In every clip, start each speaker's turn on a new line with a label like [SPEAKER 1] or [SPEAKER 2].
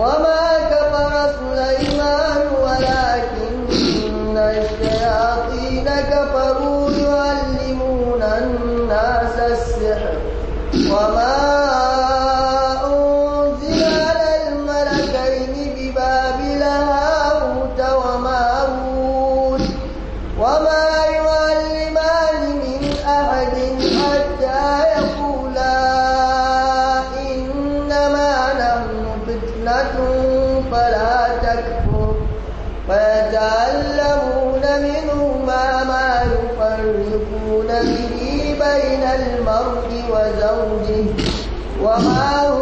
[SPEAKER 1] وما Wow.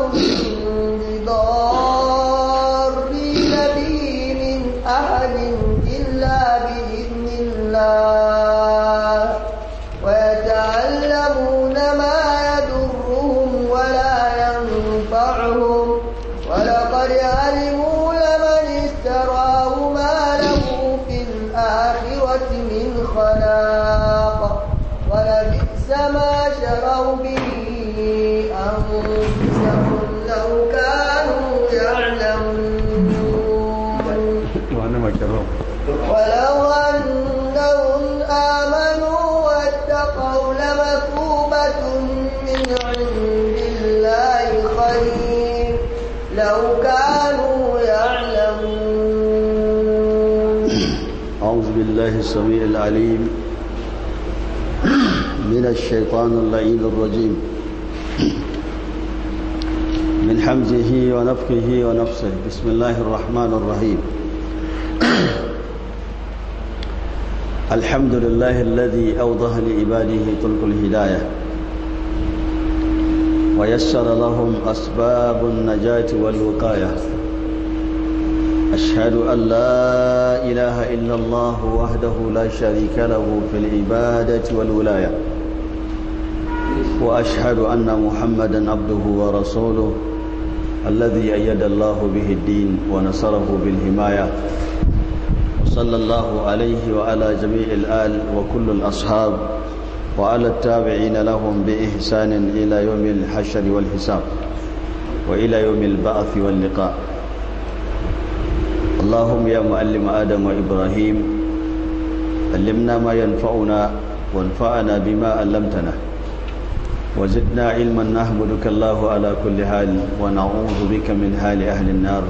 [SPEAKER 2] بالله السميع العليم من الشيطان اللعين الرجيم من حمزه ونفقه ونفسه بسم الله الرحمن الرحيم الحمد لله الذي أوضح لعباده طرق الهداية ويسر لهم أسباب النجاة والوقاية أشهد أن لا إله إلا الله وحده لا شريك له في العبادة والولاية وأشهد أن محمدا عبده ورسوله الذي أيد الله به الدين ونصره بالهماية وصلى الله عليه وعلى جميع الآل وكل الأصحاب وعلى التابعين لهم بإحسان إلى يوم الحشر والحساب وإلى يوم البعث واللقاء اللهم يا معلم آدم وإبراهيم علمنا ما ينفعنا وانفعنا بما علمتنا وزدنا علما نحمدك الله على كل حال ونعوذ بك من حال أهل النار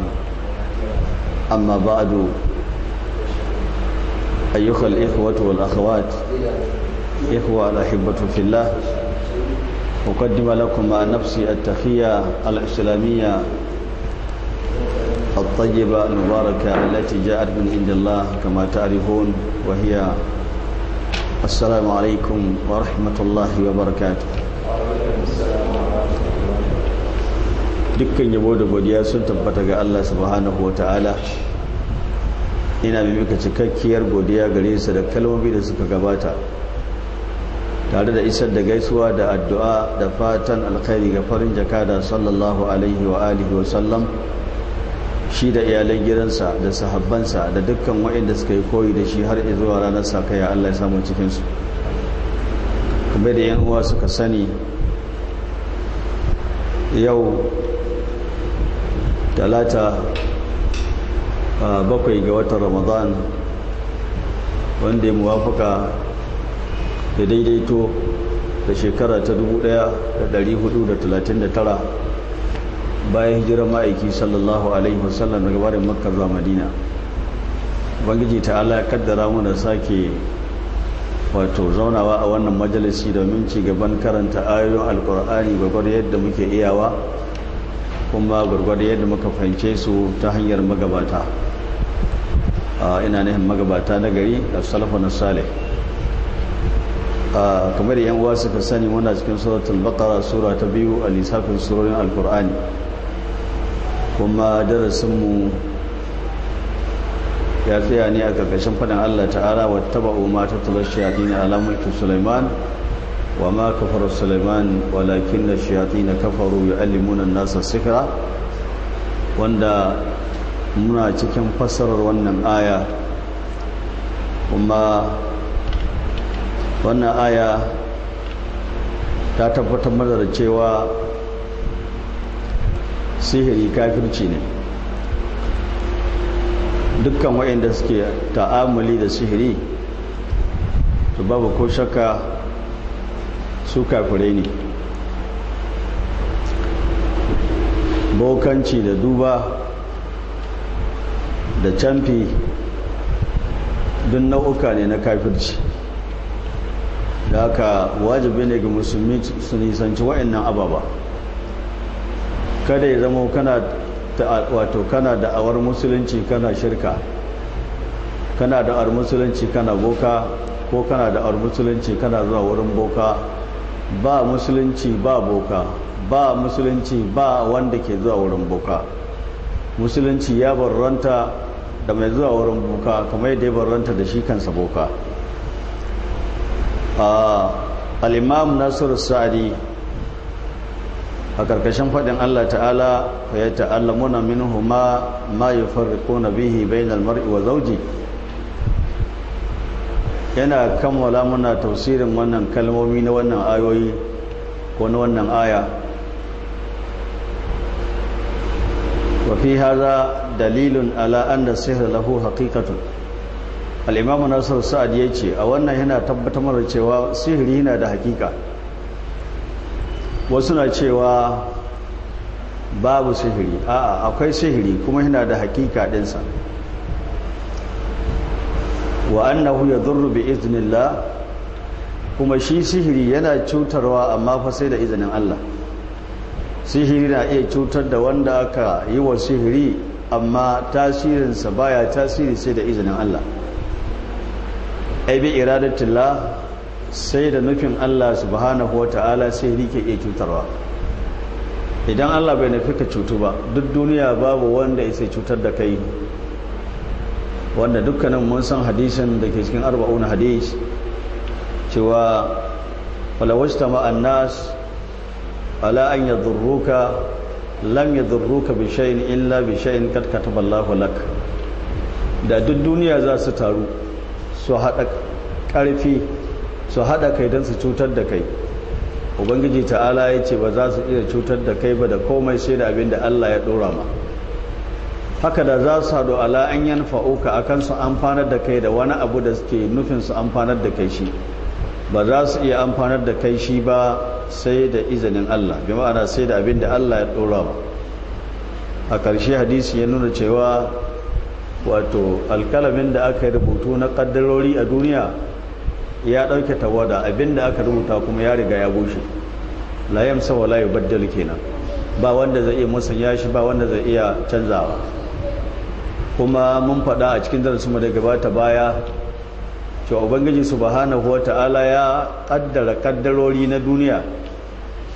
[SPEAKER 2] أما بعد أيها الإخوة والأخوات إخوة الأحبة في الله أقدم لكم نفسي التخية الإسلامية الطيبة المباركة التي جاءت من عند الله كما تعرفون وهي السلام عليكم ورحمة الله وبركاته dukkan yabo da godiya sun tabbata ga Allah subhanahu wa ta'ala ina mai mika cikakkiyar godiya gare su da kalmomi da suka gabata tare da isar da gaisuwa da addu'a da fatan alkhairi ga farin jakada sallallahu alaihi wa alihi wa sallam shi da iyalan gidansa da sahabbansa da dukkan waɗanda suka yi koyi da shi har zuwa ranar sa-kai sakaya Allah ya samu cikin su kuma da yan uwa suka sani yau talata bakwai ga watan ramadan wanda ya muwafaka da daidaito da shekara ta 1439 bayan hijirar ma'aiki sallallahu alaihi wasallam daga barin makka zuwa madina bangiji ta ala kaddara mu sake wato zaunawa a wannan majalisi domin ci gaban karanta ayoyin alkur'ani gwagwar yadda muke iyawa kuma gwagwar yadda muka fahimce su ta hanyar magabata ina nihin magabata na gari da salafa na sale kamar yan uwa suka sani muna cikin suratul baqara sura ta biyu a lissafin surorin alkur'ani kuma darasinmu ya tsaya ne a ƙarƙashin faɗin Allah ta'ala wa taba umar ta tular shayatin Sulaiman wa ma kafar Sulaiman walakin da na kafaru ya alimuna nasa sikira wanda muna cikin fassarar wannan aya kuma wannan aya ta tabbatar maza da cewa sihiri kafirci ne dukkan waɗanda suke ta'amuli da sihiri to babu ko shakka su kafirai ne bokanci da duba da camfi dun nau'uka ne na kafirci da haka wajibi ne ga musulmi su nisanci waɗannan ababa kada ya zama kana wato kana da'awar musulunci kana shirka kana da'awar musulunci kana boka ko kana da'awar musulunci kana zuwa wurin boka ba musulunci ba boka ba musulunci ba wanda ke zuwa wurin boka musulunci ya barranta da mai zuwa wurin boka kamar yadda ya barranta da shi kansa boka ah, al'imam nasiru sa'adi a ƙarƙashin faɗin Allah ta'ala ya ta'allamuna minhuma ma yufarriquna bihi bainal mar'i wa zawji yana kammala muna tafsirin wannan kalmomi na wannan ayoyi ko na wannan aya wa fi hadha dalilun ala anna sihr lahu haqiqatun al-imam nasir sa'ad yace a wannan yana tabbatar cewa sihiri yana da haƙiƙa wasu na cewa babu sihiri a'a akwai sihiri kuma yana da hakika dinsa wa annahu yadurru bi iznillah kuma shi sihiri yana cutarwa amma fa sai da izinin Allah sihiri na iya cutar da wanda aka yi wa sihiri amma tasirinsa baya tasiri sai da izinin Allah ai bi iradatillah sai da nufin Allah subhanahu wata'ala sai rike iya cutarwa idan Allah bai nufi ka cutu ba duk duniya babu wanda ya sai cutar da kai wanda dukkanin mun san hadisin da ke cikin arba'un hadis cewa falawajta ma'an nas ala an zurruka lam yadurruka zurruka bishayin illa bishayin katkata ballahu lak da duk duniya za su taru su haɗa ƙarfi su hada kai don su cutar da kai ubangiji ta'ala ya ce ba za su iya cutar da kai ba da komai sai da abin da allah ya ɗora ma haka da za su haɗu ala an yan fa'uka a kansu su amfanar da kai da wani abu da suke nufin su amfanar da kai shi ba za su iya amfanar da kai shi ba sai da izinin allah bi ma'ana sai da abin da allah ya ɗora ma a ƙarshe hadisi ya nuna cewa wato alkalamin da aka yi rubutu na ƙaddarori a duniya ya ɗauke tawada abinda aka rubuta kuma ya riga ya bushe la yamsa wa la kenan ba wanda zai iya musanya shi ba wanda zai iya canzawa kuma mun faɗa a cikin darasin mu da gabata baya cewa ubangiji subhanahu wata'ala ya kaddara kaddarori na duniya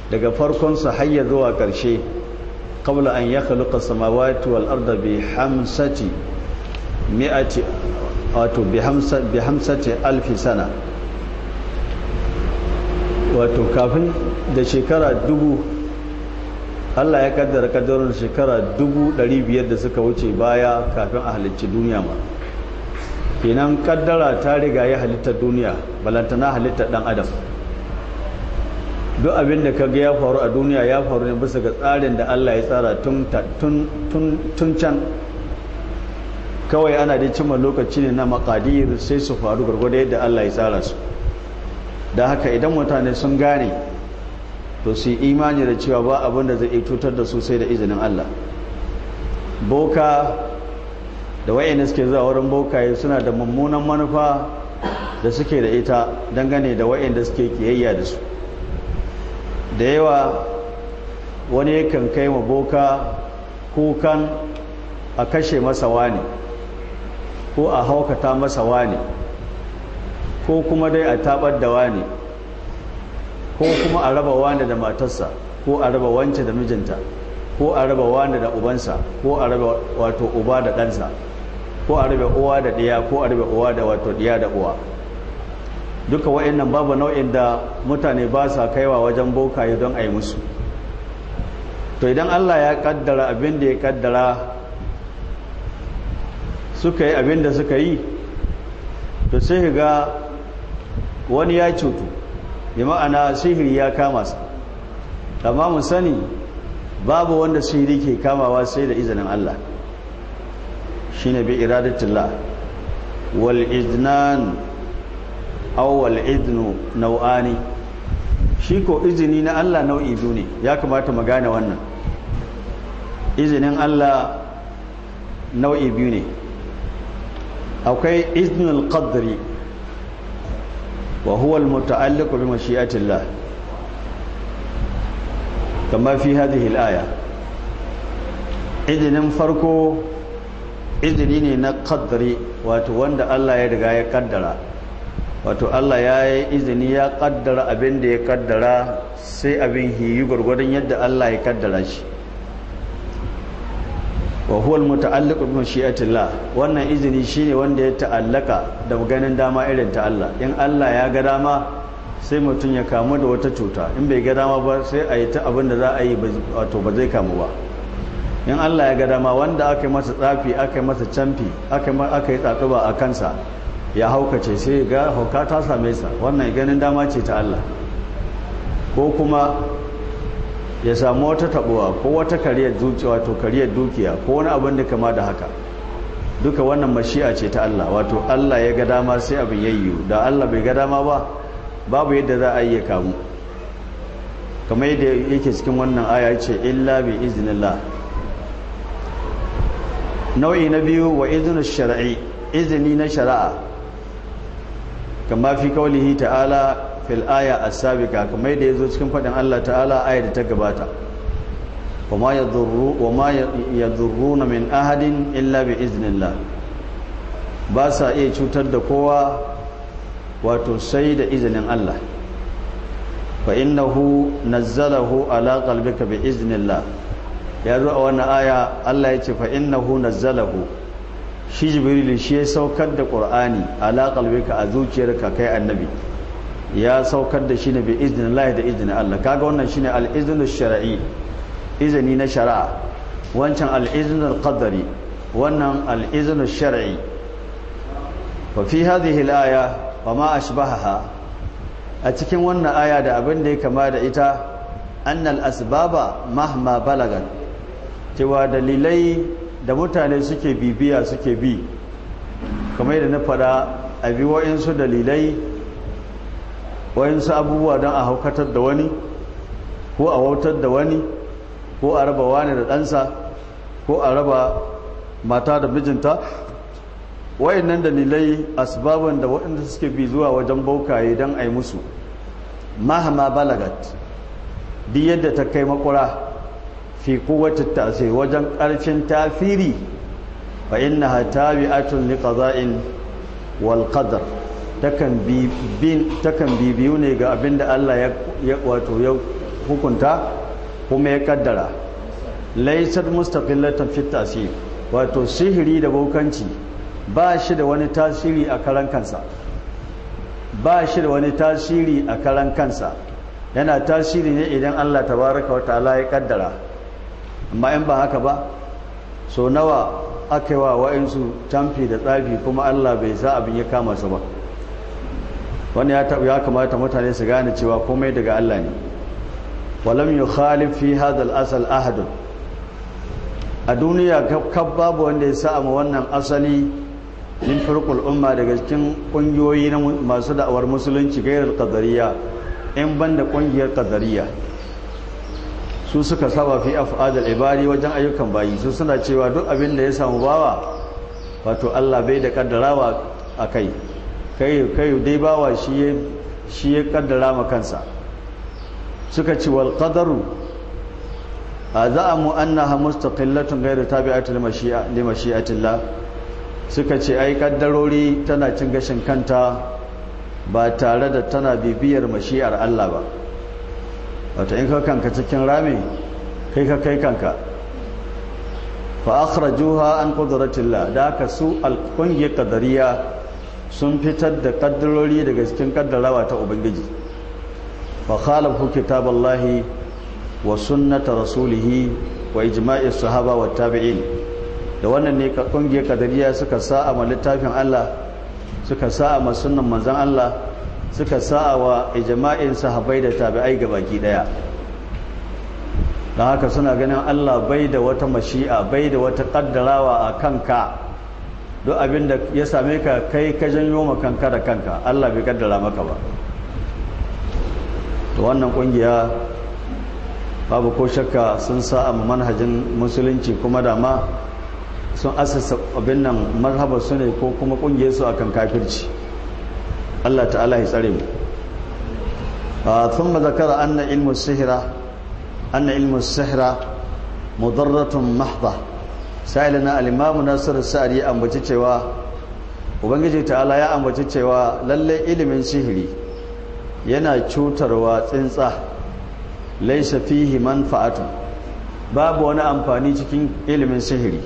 [SPEAKER 2] daga farkon sa har zuwa ƙarshe qabla an yakhluqa samawati wal arda bi hamsati mi'ati wato bi hamsati alfi sana wato kafin da shekara dubu allah ya kaddara kaddarar shekara dubu ɗari biyar da suka wuce baya kafin a halicci duniya ma kenan kaddara ta riga ya halittar duniya balantana halittar ɗan adam duk abin da kaga ya faru a duniya ya faru ne bisa ga tsarin da allah ya tsara tun can kawai ana da cimma lokaci ne na makadir sai su faru gwargwado yadda allah ya tsara su Da haka idan mutane sun gane to su imani da cewa ba abin da zai cutar da su da izinin Allah boka da wa'ina suke zuwa wurin bokaye suna da mummunan manufa da suke da ita dangane da wa'inda suke kiyayya da su da yawa wani yakan kai ma boka kukan a kashe masa wani ko a haukata masa wani ko kuma dai a tabar da wani ko kuma a raba wani da matarsa ko a raba wance da mijinta ko a raba wani da ubansa ko a raba wato uba da ɗansa ko a raba uwa da ɗiya ko a raba uwa da wato ɗiya da uwa duka wa'annan babu nau'in da mutane ba sa kaiwa wajen bokaye don a yi musu to idan allah ya kaddara abin da ya kaddara suka yi abin da suka yi to sai ga wani ya cutu bi ma'ana sihiri ya kama su amma mu sani babu wanda sihiri ke kamawa sai da izinin Allah shine bi iradatillah wal iznan aw wal idnu nau'ani shi ko izini na Allah nau'i biyu ne ya kamata mu gane wannan izinin Allah nau'i biyu ne akwai iznul qadri wa huwa almuta'alliqu bi mashi'atillah kama fi hadhihi alaya idinin farko izini ne na qadri wato wanda Allah ya riga ya kaddara wato Allah ya yi izini ya kaddara abin da ya kaddara sai abin hiyi gwargwadon yadda Allah ya kaddara shi wa huwa almuta'alliq bi Allah wannan izini shine wanda ya ta'allaka da ganin dama irin ta Allah in Allah ya ga dama sai mutum ya kamu da wata cuta in bai ga dama ba sai a yi ta abin da za a yi wato ba zai kamu ba in Allah ya ga dama wanda aka yi masa tsafi aka yi masa camfi aka yi tsatsuba a kansa ya haukace sai ga hauka ta same sa wannan ganin dama ce ta Allah ko kuma ya samu wata taɓuwa ko wata kariyar dukiya wato kariyar dukiya ko wani abin da kama da haka duka wannan mashi'a ce ta Allah wato Allah ya ga dama sai abin yayyu da Allah bai ga dama ba babu yadda za a yi kamu kamar yadda yake cikin wannan aya ce illa bi iznillah nau'i na biyu wa iznu shar'i izini na shari'a kama fi kaulihi ta'ala fil aya as-sabiqa kamar da yazo cikin fadin Allah ta'ala ayar da ta gabata kuma yadurru wama yadurruna min ahadin illa bi iznillah ba sa iya cutar da kowa wato sai da izinin Allah fa innahu nazzalahu ala qalbika bi iznillah ya zo a wannan aya Allah ya ce fa innahu nazzalahu shi jibril shi ya saukar da qur'ani ala qalbika a zuciyarka kai annabi ya saukar da shi ne bi izinin lahi da izinin Allah kaga wannan shi ne iznu shar'i izini na shari'a wancan al kadari, wannan al-iznu shar'i fa fi hadhihi al-aya wa ma a cikin wannan aya da abin da ya kama da ita annal asbaba mahma balagan cewa dalilai da mutane suke bibiya suke bi kamar yadda na fada a bi dalilai wayansu abubuwa don a haukatar da wani ko a wautar da wani ko a raba wani da ɗansa ko a raba mata da mijinta wayannan dalilai asbaban da waɗanda suke bi zuwa wajen baukaye don a yi musu mahama balagat duk yadda ta kai makura fi kowace tasiri wajen ƙarfin tafiri fa innaha tabi'atun liqada'in wal qadar takan bibiyu ne ga abin da Allah ya wato ya hukunta kuma ya kaddara laisar mustaqillatan fit tasir wato sihiri da bokanci ba shi da wani tasiri a karan kansa ba shi da wani tasiri a karan kansa yana tasiri ne idan Allah tabaraka wataala ya kaddara amma in ba haka ba so nawa aka yi wa wa'insu tamfi da tsafi kuma Allah bai sa abin ya kama su ba wani ya kamata mutane su gane cewa komai daga Allah ne walam yi khalifi hadal asal ahadun a duniya kab babu wanda ya sa'a wannan asali min farkul umma daga cikin kungiyoyi na masu da'awar musulunci gairar kadariya in banda kungiyar kadariya su suka saba fi af'adul ibari wajen ayyukan bayi su suna cewa duk abin da ya samu bawa wato Allah bai da a kai. kayo dai bawa shi ya kaddara ma kansa suka ci wal qadaru azamu annaha mustaqillatun ghayru tabi'atin a limashi'atillah suka ce ai kaddarori tana cin gashin kanta ba tare da tana bibiyar mashi'ar Allah ba wato in ka cikin rami kai ka kai kanka fa akhrajuha an qudratillah da ka su al-qungiyya sun fitar da kaddarori daga cikin kaddarawa ta ubangiji fa khalafu kitaballahi wa sunnata rasulihi wa ijma'i sahaba wa tabi'in da wannan ne ka kungiyar kadariya suka sa'a ma littafin Allah suka sa'a ma sunnan manzon Allah suka sa'a wa ijma'in sahabbai da tabi'ai gabaki daya dan haka suna ganin Allah bai da wata mashi'a bai da wata kaddarawa a ka. duk abin da ya same ka kai ka janyo ma kanka da kanka Allah bai kaddara maka ba to wannan kungiya babu ko shakka sun sa a manhajin musulunci kuma da sun asasa abin nan marhaba su ne ko kuma kungiyar su akan kafirci Allah ta'ala ya tsare mu a sun أن علم السحرة أن علم السحرة مضرة sa'ilin na alimamu nasiru sa'ari ya ambaci cewa ubangiji ta'ala ya ambaci cewa lallai ilimin sihiri yana cutarwa tsintsa laisa fihi manfa'atu babu wani amfani cikin ilimin sihiri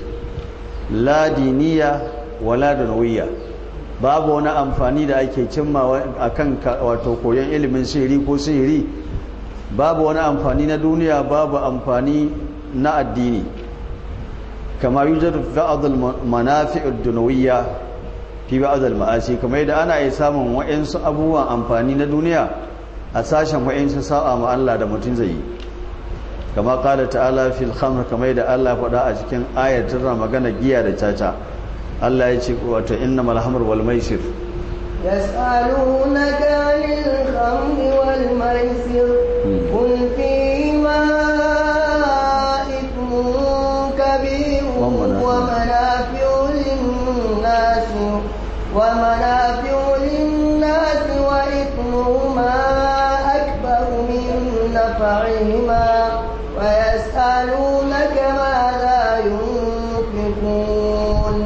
[SPEAKER 2] ladiniya diniya wala babu wani amfani da ake cimma a kan wato koyon ilimin sihiri ko sihiri babu wani amfani na duniya babu amfani na addini kama yujadu ba'd al-manafi' ad-dunawiyya fi ba'd maasi kama yadda ana iya samun wa'ansu abubuwan amfani na duniya a sashen wa'ansu sa'a ma Allah da mutum zai yi kama qala ta'ala fil khamr kamar yadda Allah faɗa a cikin ayatin magana giya da caca Allah ya ce wato inna hamr walmaisir maisir
[SPEAKER 1] yas'alunaka lil khamri wal maisir شفعهما ويسألونك ماذا ينفقون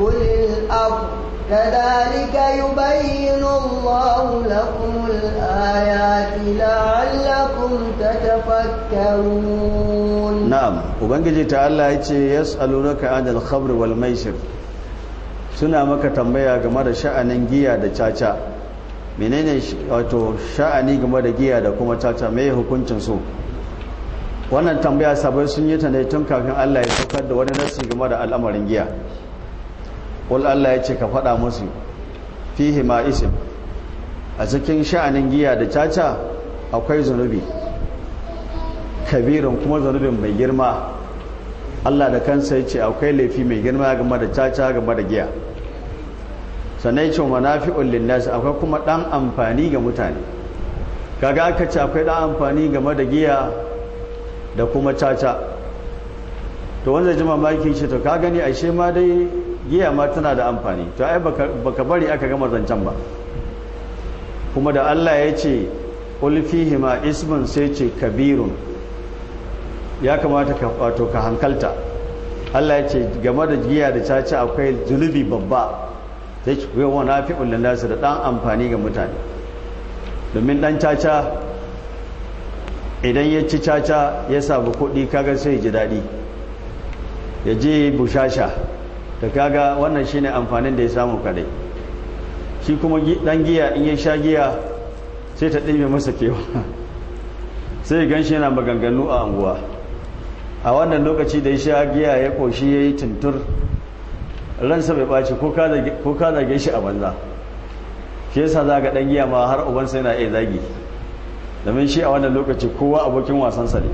[SPEAKER 1] قل الأرض كذلك يبين الله لكم الآيات لعلكم تتفكرون
[SPEAKER 2] نعم وبنجي تعالى يسألونك عن الخمر والميسر suna maka tambaya game da sha'anin giya da caca menene wato sha'ani game da giya da kuma caca mai hukuncin su wannan tambaya sabon sun yi ta ne tun kafin Allah ya saukar da wani nasi game da al'amarin giya ƙul Allah ya ce ka faɗa musu fihi ma isim a cikin sha'anin giya da caca akwai zunubi kabirin kuma zunubin mai girma Allah da kansa ya ce akwai laifi mai girma game da caca game da giya sannan ce manafi'un linnas akwai kuma dan amfani ga mutane kaga aka ce akwai dan amfani game da giya da kuma caca to wanda ji mamaki ce to ka gani ashe ma dai giya ma tana da amfani to ai baka bari aka gama zancen ba kuma da Allah ya ce qul ma ismun sai ce kabirun ya kamata ka wato ka hankalta Allah ya ce game da giya da caca akwai zunubi babba sai ki wa fi lin nas da ɗan amfani ga mutane domin dan caca idan ya ci caca ya sabu kuɗi kaga sai ji daɗi ya ji bushasha ta kaga wannan shine amfanin da ya samu kadai shi kuma ɗan giya in ya sha giya sai ta ɗibe masa kewa sai gan shi yana maganganu a anguwa a wannan lokaci da ya sha giya ya ƙoshi ya yi tuntur ransa bai ɓace ko ka zage shi a banza shi yasa za ga ɗan giya ma har ubansa yana iya zagi domin shi a wannan lokaci kowa abokin wasansa ne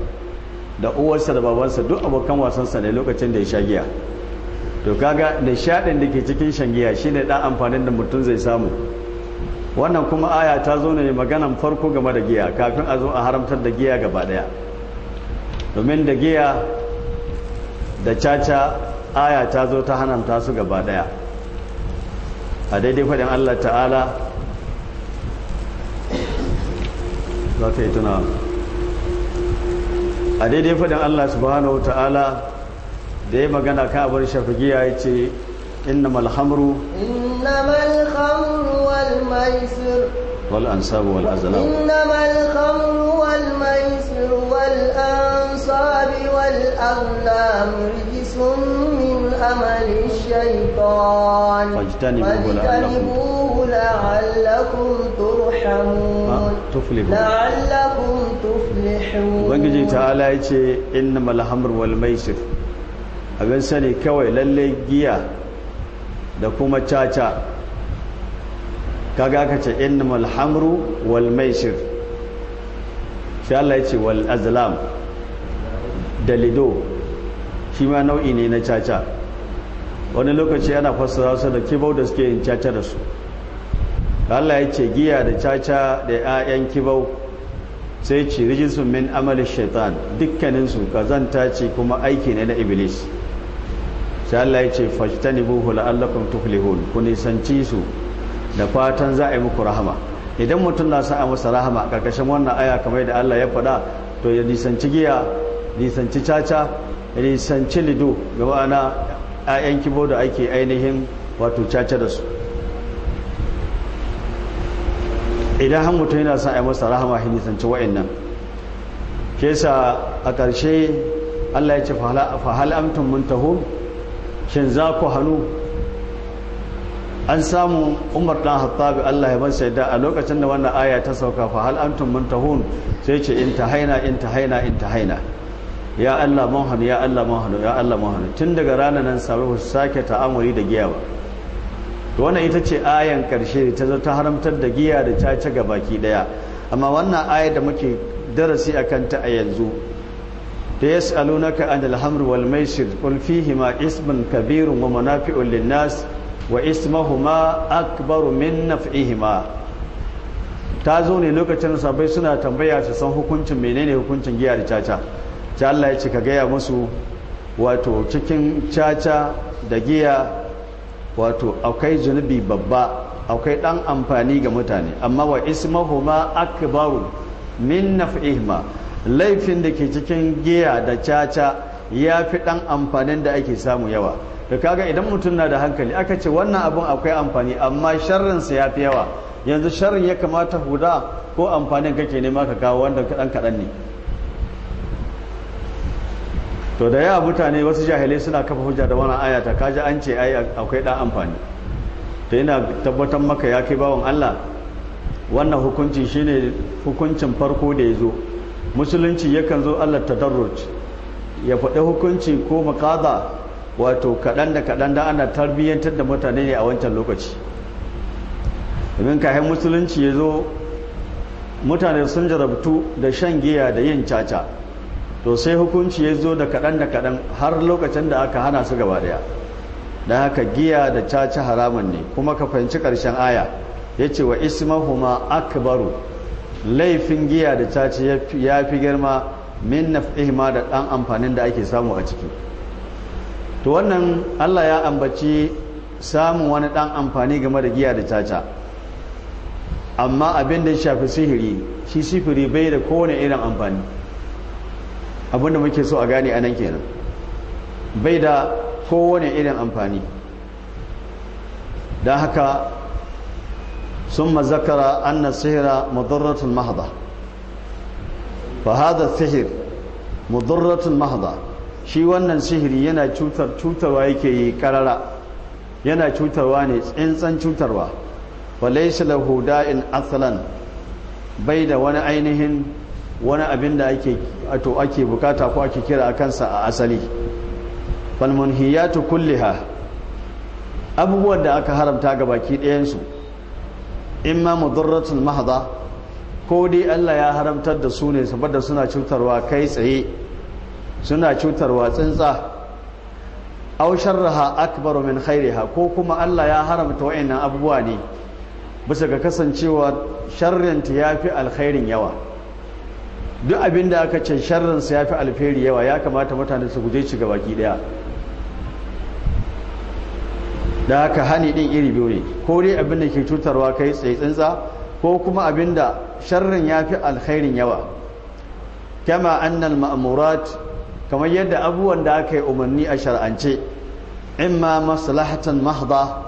[SPEAKER 2] da uwarsa da babansa duk abokan wasansa ne lokacin da ya sha giya to kaga nishaɗin da ke cikin shan giya shine ɗan amfanin da mutum zai samu wannan kuma aya ta zo ne maganan farko game da giya kafin a zo a haramtar da giya gaba ɗaya domin da giya da caca aya ta zo ta hananta su gaba daya a daidai faɗin Allah ta'ala za ta yi tuna a daidai faɗin Allah subhanahu ta'ala da ya magana ka abar shafagiya ya ce inna malhamru
[SPEAKER 1] inna malhamru wal maisir
[SPEAKER 2] والأنصاب والأزلام إنما الخمر
[SPEAKER 1] والميسر والأنصاب والأغلام رجس من أمل الشيطان
[SPEAKER 2] فاجتنبوه لعلكم,
[SPEAKER 1] لعلكم
[SPEAKER 2] ترحمون تفلحون لعلكم
[SPEAKER 1] تفلحون بنجي
[SPEAKER 2] تعالى إنما الخمر والميسر abin sani kawai lalle giya da kuma caca kaga aka ce innamal hamru wal maisir shi Allah ya ce wal azlam da lido shi ma nau'i ne na caca wani lokaci ana fassara su da kibau da suke yin caca da su Allah ya ce giya da caca da 'ya'yan kibau sai ce rijisun min amalin shaitan dukkaninsu kazanta ce kuma aiki ne na iblis sai Allah ya ce buhu la'allakum tuflihun ku nisanci su da fatan za a yi muku rahama idan mutum na sa a masa rahama karkashin wannan aya kamar da Allah ya faɗa to ya nisanci giya nisanci caca nisanci lido ga ma'ana 'ya'yan kibo da ake ainihin wato caca da su idan har mutum yana sa a yi masa rahama ya nisanci wa'annan kesa a ƙarshe Allah ya ce fahal amtun mun taho shin za ku hannu an samu umar dan hattabi Allah ya bansa da a lokacin da wannan aya ta sauka fa hal antum muntahun sai ce in in ta ta haina haina in ta haina. ya Allah mun hanu ya Allah mun hanu ya Allah mun hanu tun daga ranar nan sabu sake ta'amuri da giya ba wannan ita ce ayan karshe ta zo ta haramtar da giya da caca ga baki daya amma wannan aya da muke darasi akan ta a yanzu da yas'alunaka anil hamr wal maisir qul fihima ismun kabirun wa manafi'un lin wa ismahuma akbaru min naf'ihima ta zo ne lokacin sabai suna tambaya su san hukuncin menene hukuncin giya da caca ta Allah ya ci ka gaya musu wato cikin caca da giya wato akwai zunubi babba akwai dan amfani ga mutane amma wa ismahuma akbaru min naf'ihima laifin da ke cikin giya da caca ya fi dan amfanin da ake samu yawa da kaga idan mutum na da hankali aka ce wannan abun akwai amfani amma sharrinsa ya fi yawa yanzu sharrin ya kamata huda ko amfanin kake nema ka kawo wanda kaɗan kaɗan ne to da yawa mutane wasu jahilai suna kafa hujja da wannan ayata kaji an ce ai akwai ɗan amfani to ina tabbatar maka ya kai bawan Allah wannan hukunci shine hukuncin farko da ya zo musulunci yakan zo Allah tadarruj ya faɗi hukunci ko makaza wato kaɗan da kaɗan da ana tarbiyyantar da mutane ne a wancan lokaci domin kayan musulunci ya zo mutane sun jarabtu da shan giya da yin caca to sai hukunci ya zo da kaɗan da kaɗan har lokacin da aka hana su gaba daya da haka giya da caca haramun ne kuma ka fahimci ƙarshen aya ya ce wa ismahuma akbaru laifin giya da caca ya fi girma min naf'ihima da ɗan amfanin da ake samu a ciki to wannan Allah ya ambaci samun wani dan amfani game da giya da caca amma abin da ya shafi sihiri shi sifiri bai da kowane irin amfani abinda muke so a gane a nan kenan bai da kowane irin amfani don haka sun mazakara na sihira madarratun mahada fa hada sihir madarratun mahada shi wannan sihiri yana cutar cutarwa yake yi karara yana cutarwa ne tsintsan cutarwa walaysa lahu da'in asalan bai da wani ainihin wani abin da ake to ake bukata ko ake kira a kansa a asali munhiyatu kulliha abubuwan da aka haramta ga baki ɗayansu in ma mudarratul mahdha ko dai Allah ya haramtar da su ne saboda suna cutarwa kai tsaye suna cutarwa tsintsa aw sharraha akbaru min khairiha ko kuma Allah ya haramta wayannan abubuwa ne bisa ga kasancewa sharrin ta yafi alkhairin yawa duk abinda aka ce sharrin sa yafi alkhairi yawa ya kamata mutane su guje shi gabaki daya da haka hani din iri biyu ne ko dai abin da ke cutarwa kai tsaye tsintsa ko kuma abinda sharrin yafi alkhairin yawa kama annal ma'murat kamar yadda abubuwan da aka yi umarni a shar'ance ma maslahatan mahda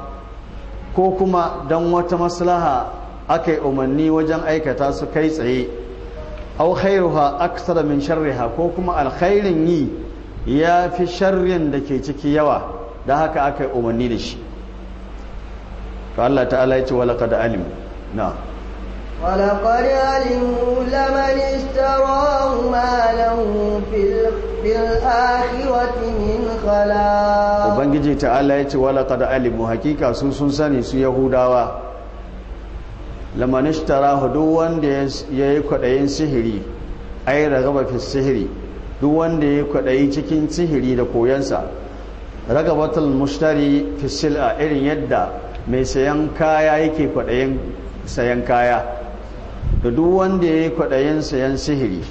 [SPEAKER 2] ko kuma don wata maslaha aka yi umarni wajen aikata su kai tsaye au khairuha aksara min sharriha ko kuma alkhairin yi ya fi sharrin da ke ciki yawa da haka aka yi umarni da shi to Allah ta'ala ya ce walaka da alim na
[SPEAKER 1] ولقد علموا لمن اشتراه ما له في الآخرة من خلاق
[SPEAKER 2] Ubangiji ta'ala ya ce walaƙad alimu hakika su sun sani su Yahudawa lamanishtara duk wanda ya yi kwaɗayin sihiri ai ragaba fi sihiri duk wanda ya yi kwaɗayi cikin sihiri da koyansa ragabatul mushtari fi sil'a irin yadda mai sayan kaya yake kwaɗayin sayan kaya to duk wanda ya yi kwaɗayin sayan sihiri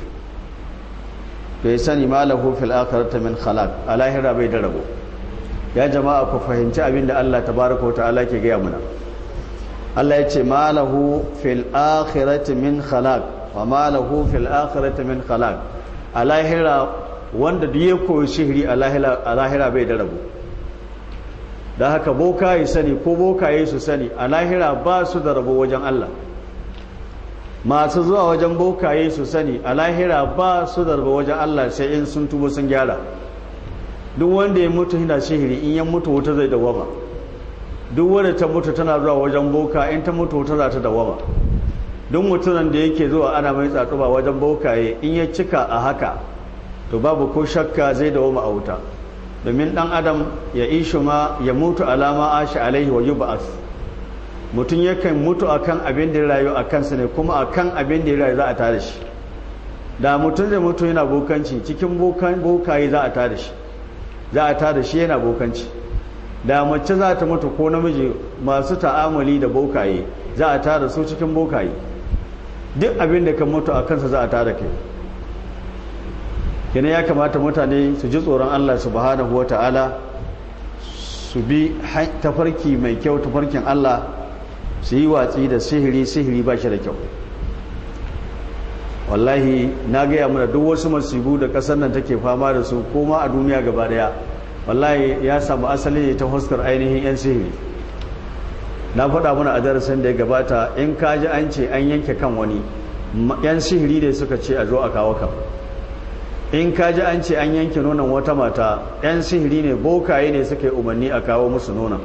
[SPEAKER 2] to ya sani malahu fil akhirati min khalaq alahira bai da rabo ya jama'a ku fahimci abin da Allah tabaraka ta'ala ke gaya muna Allah ya ce malahu fil akhirati min khalaq wa malahu fil akhirati min khalaq alahira wanda duk ya koyi sihiri alahira bai da rabo da haka boka yi sani ko boka yi su sani a lahira ba su da rabo wajen Allah masu zuwa wajen bokaye su sani a lahira ba su zarba wajen Allah sai in sun tubo sun gyara duk wanda ya mutu hina shihiri in ya mutu wuta zai dawama duk wanda ta mutu tana zuwa wajen boka in ta mutu wuta za ta dawama duk mutumin da yake zuwa ana mai tsatsuba wajen bokaye in ya cika a haka to babu ko shakka zai dawama a wuta domin dan adam ya ishu ma ya mutu alama ashi alaihi wa yub'ath mutum yakan mutu a kan abin da ya rayu a kansa ne kuma a kan abin da ya rayu za a tare shi da mutum zai mutu yana bokanci cikin bokaye za a tare shi za a tare shi yana bokanci da mace za ta mutu ko namiji masu ta'amali da bokaye za a tare su cikin bokaye duk abin da kan mutu a kansa za a tare kai kina ya kamata mutane su ji tsoron Allah subhanahu ta'ala su bi tafarki mai kyau tafarkin Allah su yi watsi da sihiri sihiri ba shi da kyau wallahi na gaya mana duk wasu masibu da kasar nan take fama da su koma a duniya gaba daya wallahi ya samu asali ne ta huskar ainihin 'yan sihiri na faɗa mana a darasin da ya gabata in ka ji an ce an yanke kan wani 'yan sihiri da suka ce a zo a kawo kan in ka ji an ce an yanke nonon wata mata 'yan sihiri ne bokaye ne suka yi umarni a kawo musu nonon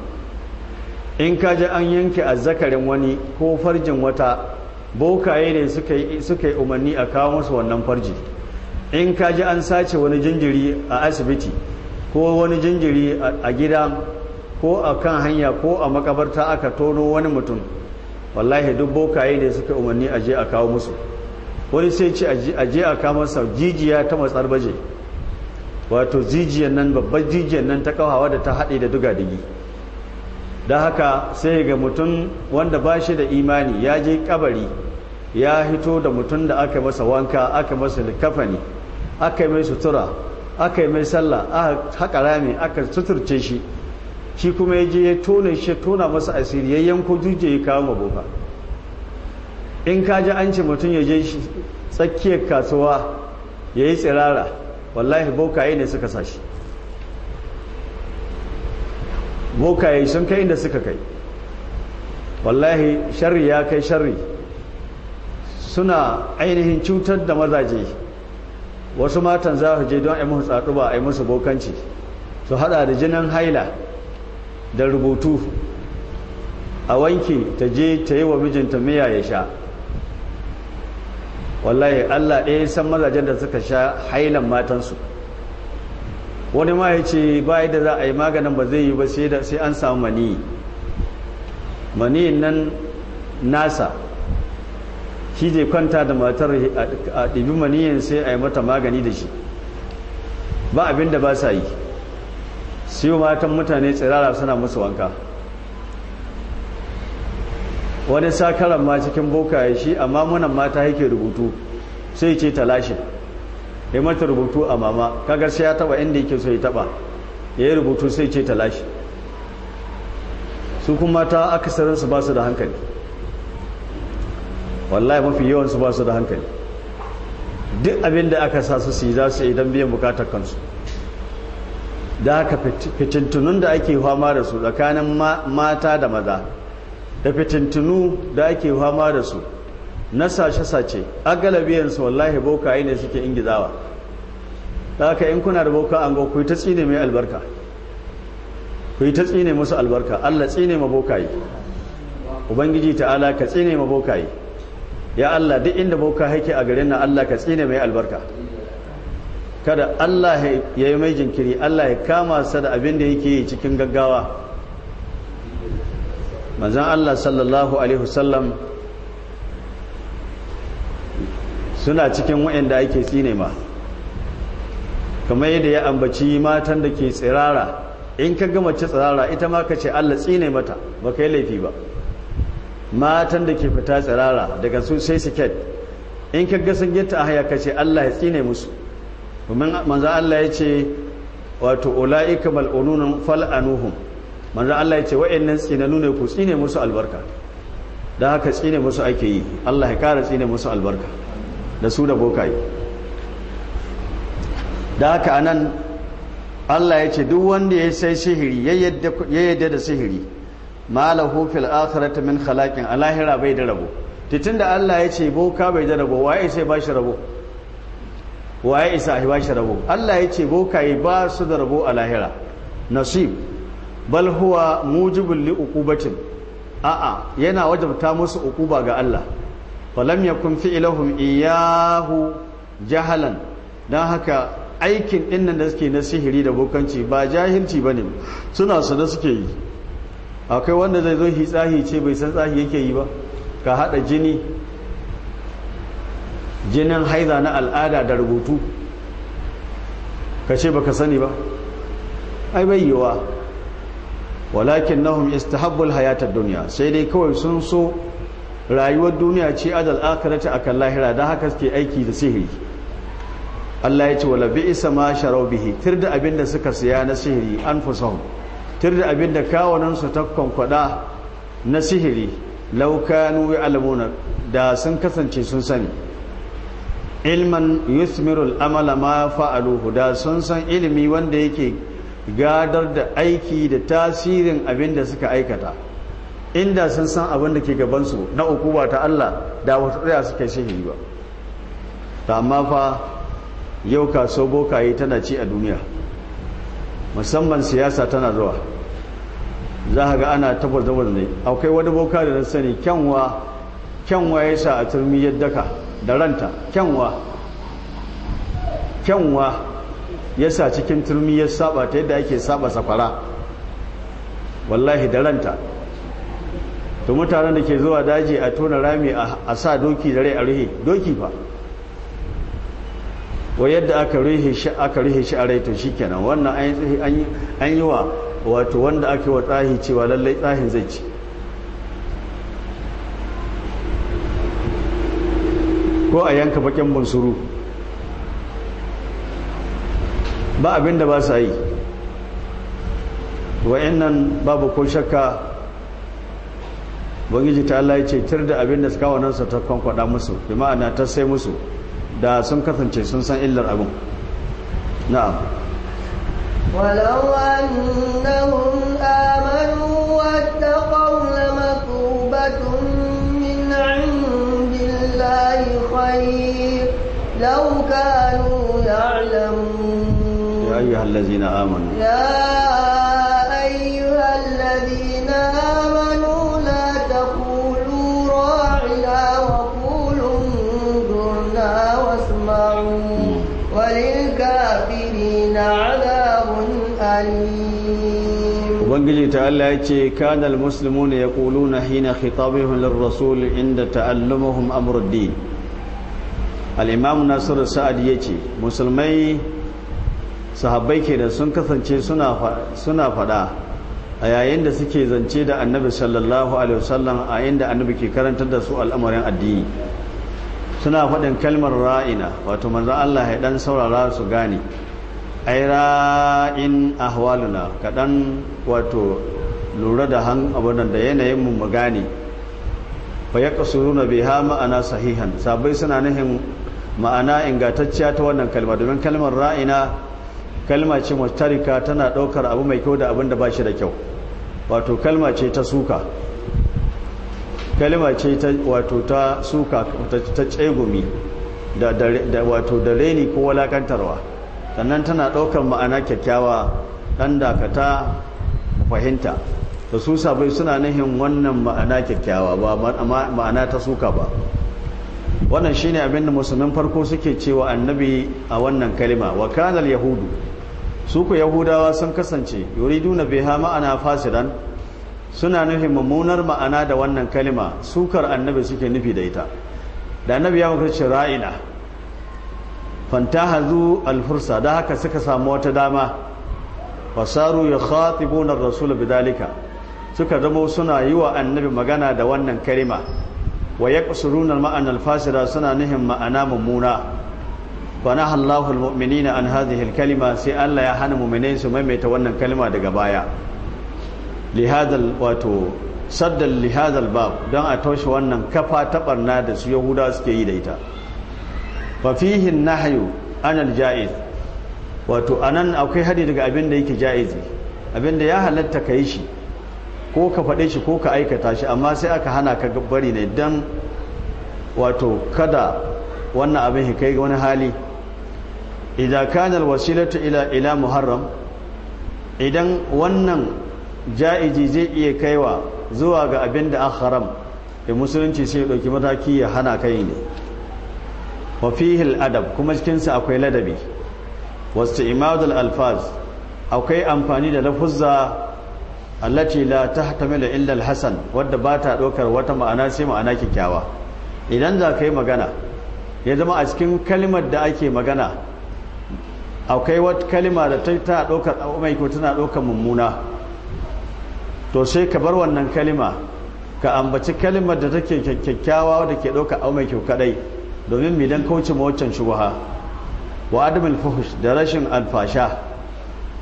[SPEAKER 2] in ka ji an yanke azzakarin wani ko farjin wata bokaye ne suka yi umarni a kawo musu wannan farji in ka ji an sace wani jinjiri a asibiti ko wani jinjiri a gida ko a kan hanya ko a makabarta aka tono wani mutum wallahi duk bokaye ne suka umarni a je a kawo musu wani sai ce a je a kawo masa jijiya ta matsar baje wato jijiyan nan babbar jijiyan nan ta kawawa da ta haɗe da duga digi da haka sai ga mutum wanda ba shi da imani ya je kabari ya hito da mutum da aka masa wanka aka masa likafani aka yi mai sutura aka yi mai sallah aka haƙa rami aka suturce shi shi kuma ya je ya tona shi tona masa asiri ya yanko juje ya kawo maboka in ka ji an ce mutum ya je tsakiyar kasuwa ya yi tsirara wallahi bokaye ne suka sashi bokaye sun kai inda suka kai wallahi sharri ya kai sharri suna ainihin cutar da mazaje wasu matan za su je don a yi musu a yi musu bokanci su hada da jinin haila da rubutu a wanke ta je ta yi wa mijinta miya ya sha wallahi allah ɗaya san mazajen da suka sha hailan matansu wani ma ya ce ba da za a yi maganin ba zai yi ba sai an samu mani mani nan nasa shi je kwanta da matar a ɗibi maniyin sai a yi mata magani da shi ba abin da ba sa yi siyo matan mutane tsirara suna musu wanka wani sakaran ma cikin bokaye shi amma munan mata yake rubutu sai ce talashin ya mata rubutu a mama kagar sai ya taba inda yake so ya taba ya yi rubutu sai ce ta lashi su kuma ta akasarinsu ba su da hankali wallahi mafi yawan ba su da hankali duk abin da aka sa su su yi za su don biyan bukatar kansu da haka fitintunun da ake fama da su tsakanin mata da maza da fitintunu da ake fama da su na sace-sace a galabiyansu wallahi bokaye ne suke ingizawa da haka in kuna da boka an ku yi ta tsine mai albarka ku yi ta tsine musu albarka allah tsine ma yi ubangiji ta'ala ka tsine ma yi ya allah duk inda boka haike a garin na allah ka tsine mai albarka kada allah ya yi mai jinkiri allah ya kama sa da abin da yake yi cikin gaggawa manzan allah sallallahu alaihi wasallam suna cikin waɗanda ake tsine ma kamar yadda ya ambaci matan da ke tsirara in ka gama ci tsirara ita ma ka ce Allah tsine mata ba ka yi laifi ba matan da ke fita tsirara daga su sai siket in ka ga sun gita a haya ka ce Allah ya tsine musu domin manzan Allah ya ce wato ula'ika mal'ununan fal'anuhun manzan Allah ya ce wa'annan tsinanu ne ku tsine musu albarka don haka tsine musu ake yi Allah ya kara tsine musu albarka da su da bokaye da haka anan Allah ya ce duk wanda ya sai sihiri ya yadda da sihiri la hufil akhirati min khalaqin alahira bai da rabo titin da Allah ya ce boka bai da rabo waye sai ba shi rabo waye isa ba shi rabo Allah ya ce bokaye ba su da rabo a lahira nasib bal huwa mujibul li uqubatin a'a yana wajabta musu uquba ga Allah falam fi fi'luhum iyahu jahalan don haka aikin dinnan da suke na sihiri da bukanci ba jahilci ne suna su da suke yi akwai wanda zai zo hi tsahi ce bai san tsahi yake yi ba ka hada jini jinin haiza na al'ada da rubutu ka ce ba ka sani ba ai bai yiwa walakin nahum istahabbul hayatar duniya sai dai kawai sun so rayuwar duniya ce adal a akan lahira dan haka suke aiki da sihiri Allah ya ce wala isa ma sharau bihi tirda abinda suka siya na sihiri anfusahum tirda abinda kawunan su ta kwankwada na sihiri law kanu ya'lamuna da sun kasance sun sani ilman yuthmiru al-amala ma fa'aluhu da sun san ilimi wanda yake gadar da aiki da tasirin abinda suka aikata inda sun san abin da ke gabansu na uku ba ta Allah da wata tsaya suka yi ba ta amma fa yau kaso bokaye tana ci a duniya musamman siyasa tana zuwa za a ga ana tabbas da ne akwai wani boka da na sani kyanwa kyanwa ya sa a turmi yadda ka da ranta kyanwa kyanwa ya sa cikin turmi ya saba ta yadda ake saba sakwara wallahi da ranta to mutanen da ke zuwa daji a tona rami a sa doki da rai a ruhe doki ba wa yadda aka ruhe shi aka ruhe shi a rai to shikenan wannan an yi wa wato wanda aka wa tsahi cewa lallai tsahin zai ci ko a yanka bakin bunsuru ba abinda ba sa yi wa'annan babu ko shakka bangiji ta Allah ya ce tir da abin da suka wannan sa ta kwankwada musu bi ma'ana ta sai musu da sun kasance sun san illar abin na'am
[SPEAKER 1] ولو أنهم آمنوا يا
[SPEAKER 2] أيها الذين آمنوا
[SPEAKER 1] يا أيها الذين
[SPEAKER 2] ya ce kanal musulmu ne ya المسلمون na hina خطابهم للرسول inda تعلمهم أمر الدين الإمام ناصر السعد يتي مسلمي sahabbai ke da sun kasance suna faɗa a yayin da suke zance da annabi sallallahu alaihi wasallam a inda annabi ke karantar da su al'amarin addini suna faɗin kalmar ra'ina wato manzan Allah ya ɗan saurara su gane ai ra'in ahwaluna kaɗan wato lura da han abunan da yanayin mu gane fa ya kasuruna biha ma'ana sahihan sabai suna nahin ma'ana ingantacciya ta wannan kalma domin kalmar ra'ina kalma ce mutarika tana ɗaukar abu mai kyau da abin da ba shi da kyau wato kalma ce ta suka kalma ce ta wato ta suka ta tsegumi da wato da reni ko walakantarwa sannan tana ɗaukar ma'ana kyakkyawa ɗan dakata fahimta da su sabai suna nihin wannan ma'ana kyakkyawa ba ma'ana ta suka ba wannan shine abin da musulmin farko suke cewa annabi a wannan kalima wa kanal yahudu su ku yahudawa sun kasance yuriduna biha ma'ana fasidan suna nufin mummunar ma'ana da wannan kalima sukar annabi suke nufi da ita da annabi ya makarci ce ra'ina fanta hazu alfursa da haka suka samu wata dama fasaru ya khatibuna rasul bidalika suka zamo suna yi wa annabi magana da wannan kalima wa yaqsuruna ma'anar fasira suna nihin ma'ana mummuna al-mu'mini na an hadhihi kalima sai Allah ya hana mu'minai su maimaita wannan kalima daga baya lihadal wato saddan lihazal bab don a taushe wannan kafa ta barna da su yahuda suke yi da ita Fafihin fihi nahyu anal jaiz wato anan akwai hadi daga abin da yake jaizi abin da ya halatta ka yi shi ko ka faɗe shi ko ka aikata shi amma sai aka hana ka bari ne dan wato kada wannan abin ya kai wani hali idan kanar wasilatu ila ila muharram idan wannan ja'izi zai iya kaiwa zuwa ga abin da an haram da musulunci sai ya ɗauki mataki ya hana kai ne wa fihi adab kuma cikinsa akwai ladabi wasu imadul alfaz akwai amfani da lafuzza allati la tahtamilu illa alhasan wadda ba ta ɗaukar wata ma'ana sai ma'ana kyakkyawa idan za ka yi magana ya zama a cikin kalmar da ake magana akwai wata kalma da ta ta ɗaukar mai ko tana ɗaukar mummuna to sai ka bar wannan kalma ka ambaci kalmar da take kyakkyawa da ke ɗaukar mai kyau kadai domin mai don kauce mawaccan waccan shubaha wa adamul fuhush da rashin alfasha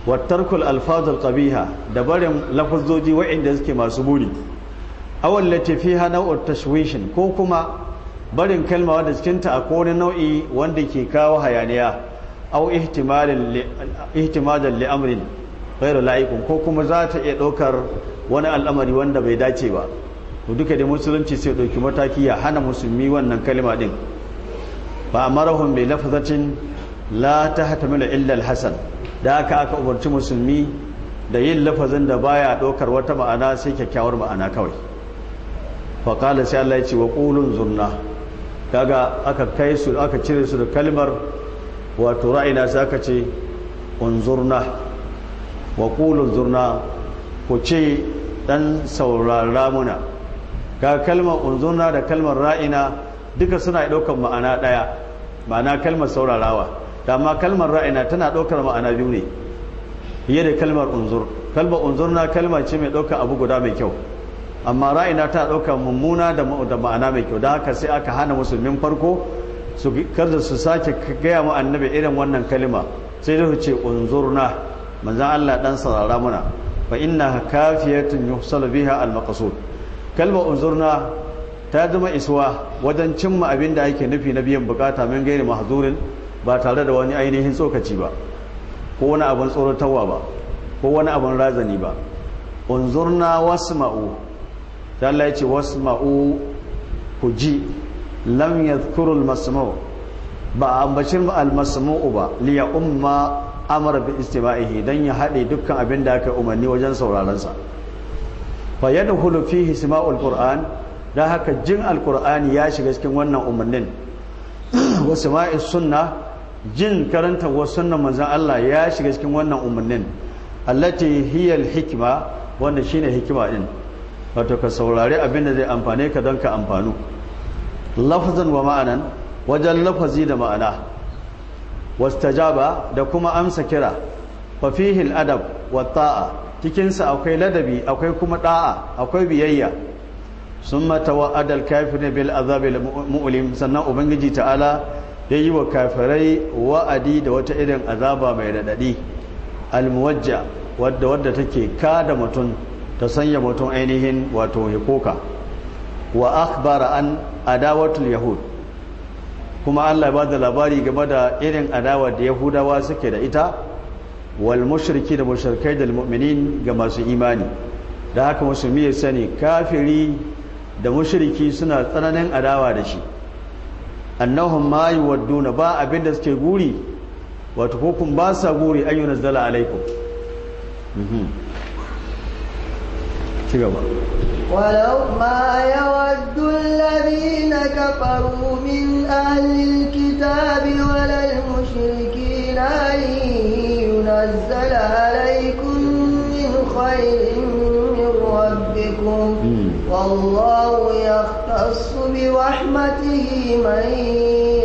[SPEAKER 2] wa tarkul alfazar qabiha da barin lafazoji wa'inda suke masu buri awon lati hana nau'ut tashwishin ko kuma barin kalma da cikin ta akwai nau'i wanda ke kawo hayaniya aw ihtimalin ihtimalan li amrin ghairu la'ikun ko kuma za ta iya ɗaukar wani al'amari wanda bai dace ba to duka da musulunci sai ɗauki mataki ya hana musulmi wannan kalma din fa amarahum bi lafzatin la tahtamilu illa al da haka aka umarci musulmi da yin lafazin da baya ɗaukar wata ma'ana sai kyakkyawar ma'ana kawai fa qala sai Allah ya ce wa qulun kaga aka kai su aka cire su da kalmar wato ra'ina sai aka ce unzurna wa qulun zurna ku ce dan saurara muna ga kalmar unzurna da kalmar ra'ina duka suna ɗaukar ma'ana ɗaya ma'ana kalmar saurarawa dama kalmar ra'ina tana ɗaukar ma'ana biyu ne fiye da kalmar unzur kalmar unzur na kalma ce mai ɗaukar abu guda mai kyau amma ra'ina ta ɗaukar mummuna da ma'ana mai kyau da haka sai aka hana musulmin farko su karda su sake gaya mu annabi irin wannan kalma sai da ce unzurna manzan Allah dan sarara muna fa inna kafiyatun yuhsal biha al maqsud unzur unzurna ta zama isuwa wajen cimma abin da ake nufi na biyan bukata min gairi mahzurin ba tare da wani ainihin tsokaci ba ko wani abin tsorotarwa ba ko wani abin razani ba unzurna ma'u ta Allah ya ce wasma'u ku ji lam yadhkuru al-masma'u ba ambacin al ba liya umma amara bi istima'ihi dan ya haɗe dukkan abin da aka umarni wajen sauraron sa fa yadkhulu fihi sima'ul qur'an don haka jin alkur'ani ya shiga cikin wannan umarnin wasu ma'is sunna jin karanta wasu sunna manzan Allah ya shiga cikin wannan umarnin allati hiyal hikima wanda shine hikima din wato ka saurari abinda zai amfane ka don ka amfanu lafazan wa ma'anan wajen lafazi da ma'ana wastajaba da kuma amsa kira fa adab wa cikinsa akwai ladabi akwai kuma da'a akwai biyayya sun mata wa'adar kafirin bil azabil mu'ulim sannan ubangiji ta'ala ya yi wa kafirai wa'adi da wata irin azaba mai raɗaɗi almuwajja wadda wadda take kada mutum ta sanya mutum ainihin wato hikoka wa akhbara an adawatul yahud kuma Allah ba da labari game da irin adawa da yahudawa suke da ita wal mushriki da mushrikai da mu'minin ga masu imani da haka musulmi ya sani kafiri da mushriki suna tsananin adawa da shi annahum ma yuwadduna ba abin da suke guri wata hukun ba sa guri an yunazzala alaikum ci gaba
[SPEAKER 1] ولو ما يود الذين كفروا من أهل الكتاب ولا المشركين أن ينزل عليكم من خير من ربكم والله يختص برحمته من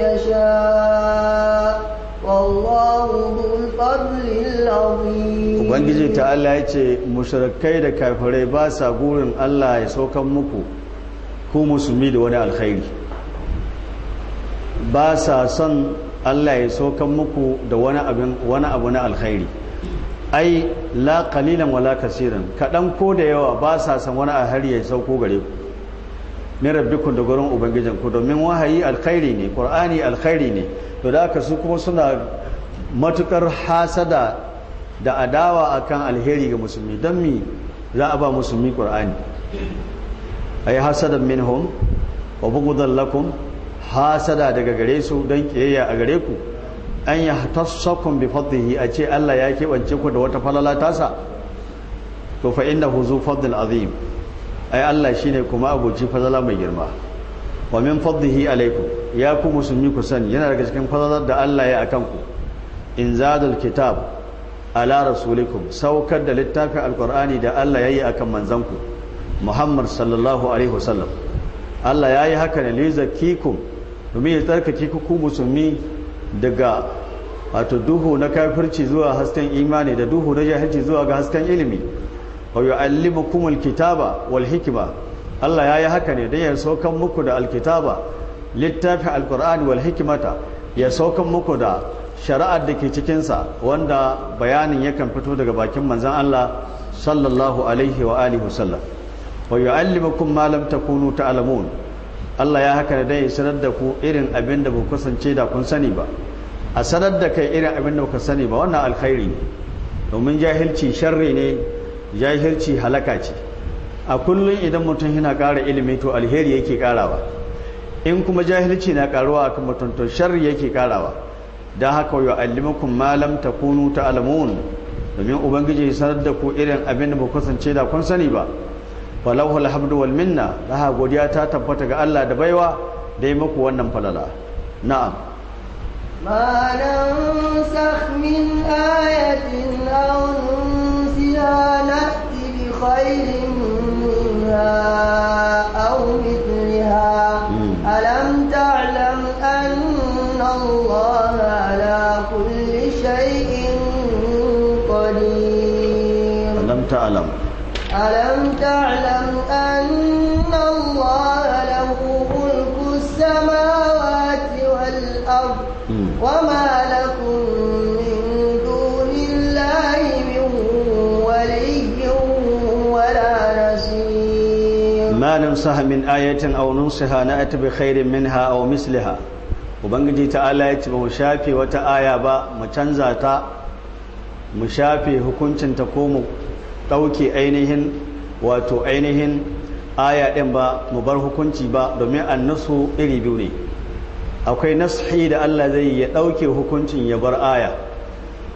[SPEAKER 1] يشاء والله ذو الفضل العظيم ubangiji
[SPEAKER 2] ta'ala ya ce mushrikai da kafirai ba sa gurin Allah ya saukan muku ku musulmi da wani alkhairi ba sa son Allah ya saukan muku da wani abu na alkhairi ai la wala kasiran kaɗan ko da yawa ba sa san wani a har ya sauko gare ku min rabbikum da gurin ubangijin ku domin wahayi alkhairi ne qur'ani alkhairi ne to da aka su kuma suna matukar hasada da adawa akan alheri ga musulmi dan mi za a ba musulmi qur'ani Ai hasadan minhum wa bughdallakum hasada daga gare su dan kiyayya a gare ku an ya tasakun bi fadlihi a ce Allah ya keɓance ku da wata falala tasa to fa innahu zu fadl azim ai Allah shine kuma abuci falala mai girma wa min fadlihi alaikum ya ku musulmi ku sani yana daga cikin falalar da Allah ya akan ku in zadul kitab ala rasulikum saukar da littafin alkur'ani da Allah ya yi a kan manzanku muhammad sallallahu alaihi wasallam Allah ya yi haka ne lizakikum domin ya tsarkake ku musulmi daga wato duhu na kafirci zuwa hasken imani da duhu na jahilci zuwa ga hasken ilimi wa yu'allimukum alkitaba wal hikma Allah yayi haka ne dan ya saukan muku da alkitaba littafi alqur'ani wal hikmata ya saukan muku da shari'ar da ke cikin sa wanda bayanin yakan fito daga bakin manzon Allah sallallahu alaihi wa alihi wasallam wa yu'allimukum ma lam takunu ta'lamun Allah ya haka ne dan ya sanar da ku irin abin da ba ku kasance da kun sani ba a sanar da kai irin abin da ka sani ba wannan alkhairi domin jahilci sharri ne jahilci halaka ce a kullum idan mutum yana ƙara ilimi to alheri yake ƙarawa in kuma jahilci na ƙaruwa kan mutum to sharri yake ƙarawa don haka yau allimakun malam ta kunu ta alamun domin ubangiji ya sanar da ku irin abin da ba kusance da kun sani ba falahu alhamdu wal minna laha godiya ta tabbata ga Allah da baiwa da yi muku wannan falala na'am
[SPEAKER 1] ما ننسخ من آية أو ننسها نأتي بخير منها أو مثلها ألم تعلم أن الله على كل شيء قدير ألم تعلم ألم تعلم أن الله له ملك السماوات والأرض وما لكم من دون الله من ولي ولا نصير
[SPEAKER 2] ما نمسح من آية أو ننصها نأتي بخير منها أو مثلها ubangiji ta'ala ya ce ba mu shafe wata aya ba mu canza ta mu shafe hukuncinta ko mu ɗauke ainihin wato ainihin aya ɗin ba mu bar hukunci ba domin annasu iri biyu ne akwai nashi da Allah zai ya ɗauke hukuncin ya bar aya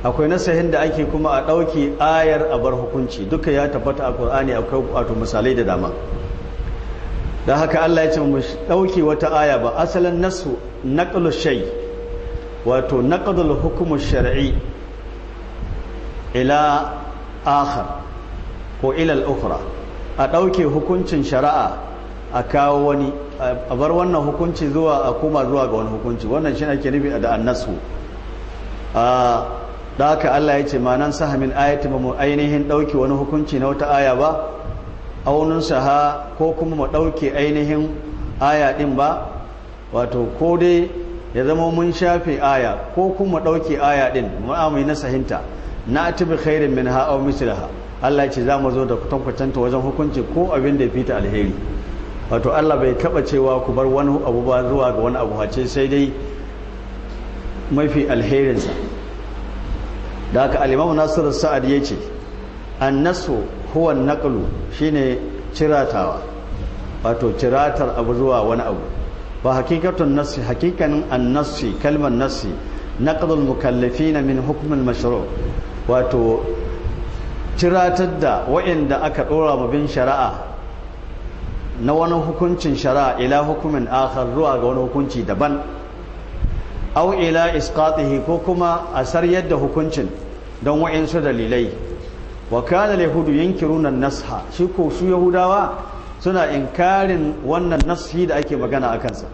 [SPEAKER 2] akwai nasihin da ake kuma a ɗauke ayar a bar hukunci duka ya tabbata a ƙur'ani akwai wato misalai da dama da haka Allah ya ce mu ɗauke wata aya ba asalin nasu naqlu shay wato naqdul hukm shar'i ila akhar ko ila al a ɗauke hukuncin shari'a a kawo wani a bar wannan hukunci zuwa a koma zuwa ga wani hukunci wannan shi ake nufi da annasu a da Allah ya ce manan sahamin ayati ba mu ainihin dauki wani hukunci na wata aya ba aunin saha ko kuma mu ɗauke ainihin aya din ba wato ko dai ya zama mun shafe aya ko kuma ɗauke aya ɗin mu'amai na sahinta na atibi khairin min ha'au mislaha Allah ya ce za mu zo da kwatankwacanta wajen hukunci ko abin da ya fita alheri wato Allah bai taba cewa ku bar wani abu ba zuwa ga wani abu hace sai dai mafi alherinsa da aka alimamu nasiru sa'ad ya ce annasu huwan naƙalu shine ciratawa wato ciratar abu zuwa wani abu ba hakikatun nasi hakikanin annasi kalmar nasi mukallafi na min hukumar mashiro wato ciratar da wa'inda aka dora mabin shari'a na wani hukuncin shari'a ila hukumin akhar zuwa ga wani hukunci daban au ila isqatihi ko kuma a saryar da hukuncin don wa'insu dalilai wa kana yahudu yankiruna nasha shi ko su yahudawa suna inkarin wannan nashi da ake magana a kansa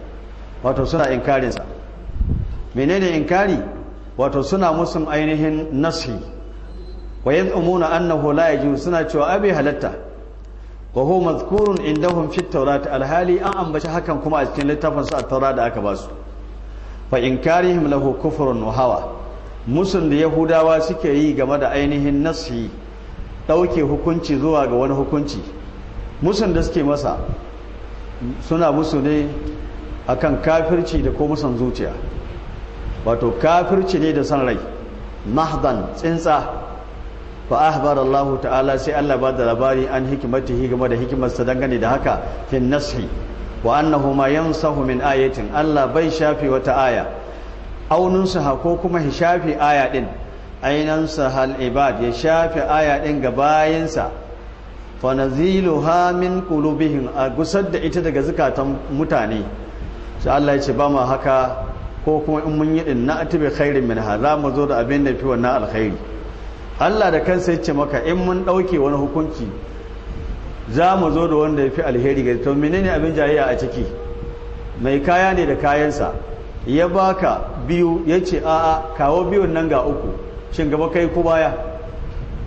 [SPEAKER 2] wato suna inkarin sa menene inkari wato suna musun ainihin nashi wa yad'umuna annahu la yajuz suna cewa abi halatta wa huwa mazkurun indahum fit tawrat alhali an ambaci hakan kuma a cikin littafin su taura da aka basu fa inkarihim lahu kufrun wa hawa da yahudawa suke yi game da ainihin nasi dauke hukunci zuwa ga wani hukunci musun da suke masa suna musu ne akan kafirci da ko musan zuciya wato kafirci ne da san rai mahdan tsintsa fa ahbar Allah ta'ala sai Allah ba da labari an hikimatihi game da hikimarsa dangane da haka fin nashi wa annahu ma yansahu min ayatin Allah bai shafi wata aya aunin sa ko kuma hi shafi aya din ainan sa hal ibad ya shafi aya din ga bayansa. fa naziluha min qulubihim a gusar da ita daga zakatan mutane sai Allah ya ce ba ma haka ko kuma in mun yi din na atibi khairin min ha za mu zo da abin da fi wannan alkhairi Allah da kansa ya ce maka in mun ɗauke wani hukunci za mu zo da wanda ya fi alheri ga to menene abin jayayya a ciki mai kaya ne da kayansa ya baka biyu ya ce a'a kawo biyun nan ga uku shin gaba kai ko baya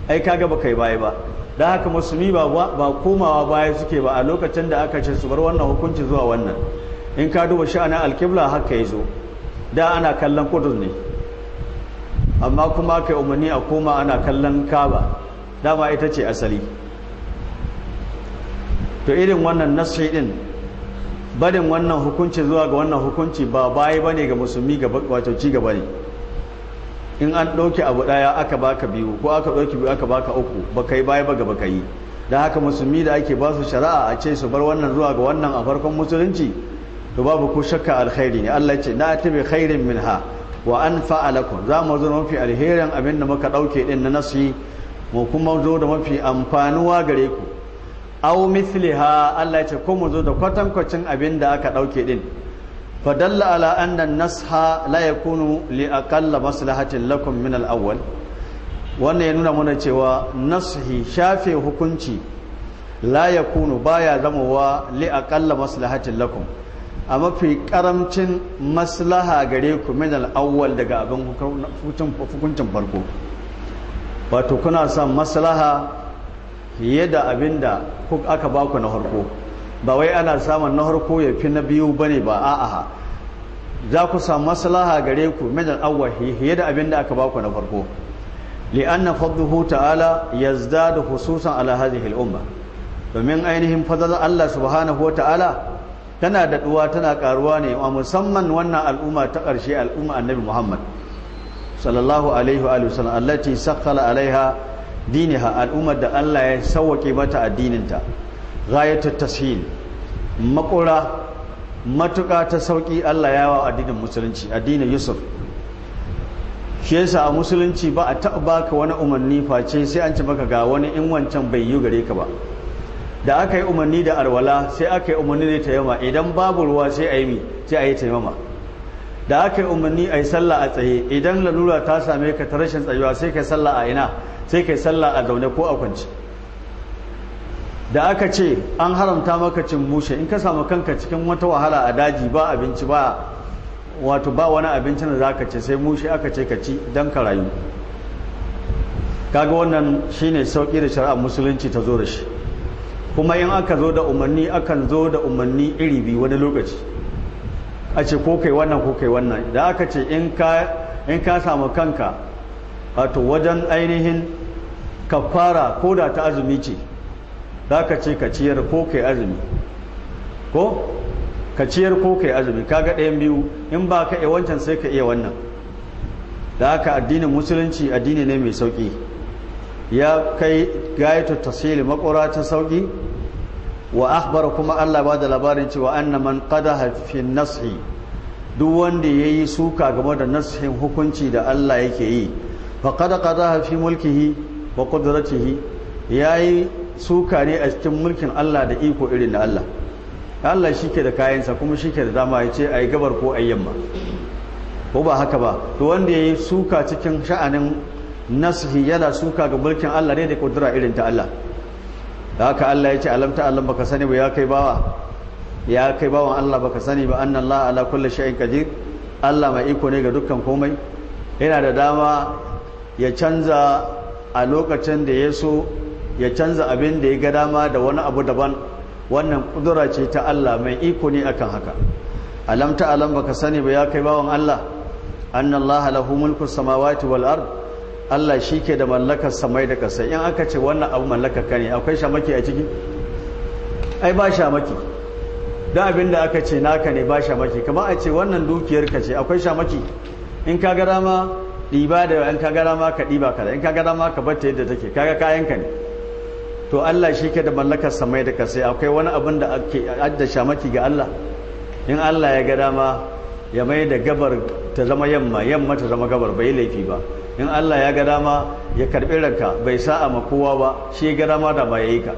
[SPEAKER 2] ai ka gaba kai baya ba da haka musulmi ba ba komawa baya suke ba a lokacin da aka ce su bar wannan hukunci zuwa wannan in ka duba sha'anin alkibla haka ya zo da ana kallon kudus ne amma kuma kai umarni a koma ana kallon kaba dama ita ce asali to irin wannan nasri din barin wannan hukunci zuwa ga wannan hukunci ba bayi bane ga musulmi ga wato ci gaba ne in an ɗauki abu ɗaya aka baka biyu ko aka ɗauki biyu aka baka uku ba kai bayi ba gaba kai don haka musulmi da ake ba su shari'a a ce su bar wannan zuwa ga wannan a farkon musulunci to babu ko shakka alkhairi ne Allah ya ce na atibi khairin minha wa an fa'alakum za mu zo mafi alherin da muka ɗauke ɗin na nasi mu kuma zo da mafi amfanuwa gare ku aw ha Allah ce ko mu zo da kwatankwacin abin da aka ɗauke din fadalla ala anna nasha la yakunu li masu lahatin lakum min al'awwal. wannan ya nuna mana cewa nashi shafe hukunci la baya zamowa li masu lahatin lakum a mafi karamcin maslaha gare ku min al'awwal daga abin hukuncin farko wato kuna son maslaha fiye da abin da aka baku na harko ba wai ana samun na harko ya fi na biyu ba ne ba a'a za ku sa maslaha gare ku min al'awwal fiye da abin da aka baku na farko li'anna fadluhu ta'ala da hususan ala hadhihi umma domin ainihin fadlan Allah subhanahu wa ta'ala tana daɗuwa tana karuwa ne a musamman wannan al'umma ta ƙarshe al'umma annabi muhammad sallallahu alaihi wa sallam allati ha alaiha diniha al'ummar da allah ya sauwake mata addininta ghayatul tashil makura matuƙa ta sauƙi allah ya wa addinin musulunci addinin yusuf shi yasa a musulunci ba a taɓa baka wani umarni face sai an ci maka ga wani in wancan bai yi gare ka ba da aka yi umarni da alwala sai aka yi umarni da taimama idan babu ruwa sai a yi mi sai a yi taimama da aka yi umarni a yi sallah a tsaye idan lalura ta same ka ta rashin tsayuwa sai ka sallah a ina sai ka sallah a zaune ko a kwance da aka ce an haramta maka cin mushe in ka samu kanka cikin wata wahala a daji ba abinci ba wato ba wani abincin da za ka ce sai mushe aka ce ka ci don ka rayu kaga wannan shine sauki da shari'ar musulunci ta zo da shi kuma in aka zo da umarni akan zo da umarni iri biyu wani lokaci a ce ko kai wannan ko kai wannan da aka ce in ka samu kanka wato wajen ainihin ka fara ko da ta azumi ce da aka ce ka ciyar ko kai azumi ko ka ciyar ko kai azumi kaga ɗayan biyu in ba ka iya wancan sai ka iya wannan da aka addinin musulunci addini ne mai sauƙi ya kai gayatu tasili Makora ta sauki wa akhbara kuma Allah ba da labarin cewa anna man qadaha fi nashi duk wanda yayi suka game da nashin hukunci da Allah yake yi fa qad qadaha fi mulkihi wa qudratihi yayi suka ne a cikin mulkin Allah da iko irin da Allah Allah shike da kayansa kuma shike da dama yace ayi gabar ko ayi yamma ko ba haka ba to wanda yayi suka cikin sha'anin nasihi yana suka ga mulkin Allah ne da kudura irin ta Allah da haka Allah ya ce alam ta Allah baka sani ba ya kai bawa ya kai bawan Allah baka sani ba annan Allah ala kulli shay'in qadir Allah mai iko ne ga dukkan komai yana da dama ya canza a lokacin da ya so ya canza abin da ya ga dama da wani abu daban wannan kudura ce ta Allah mai iko ne akan haka alam ta baka sani ba ya kai bawan Allah anna Allah lahu mulku samawati wal ardh Allah shi ke da mallakar samai da ƙasa in aka ce wannan abu mallakar ka ne akwai shamaki a ciki ai ba shamaki don abin da aka ce naka ne ba shamaki kamar a ce wannan dukiyar ka ce akwai shamaki in ka gara ma ɗiba da in ka gara ma ka ɗiba kada in ka gara ma ka bata yadda take kaga kayan ka ne to Allah shi ke da mallakar samai da ƙasa akwai wani abin da ake adda shamaki ga Allah in Allah ya gara ma ya mai da gabar ta zama yamma yamma ta zama gabar bai laifi ba in Allah ya ga dama ya karɓi ranka bai sa'a ma kowa ba shi ya ga dama da ba ya yi ka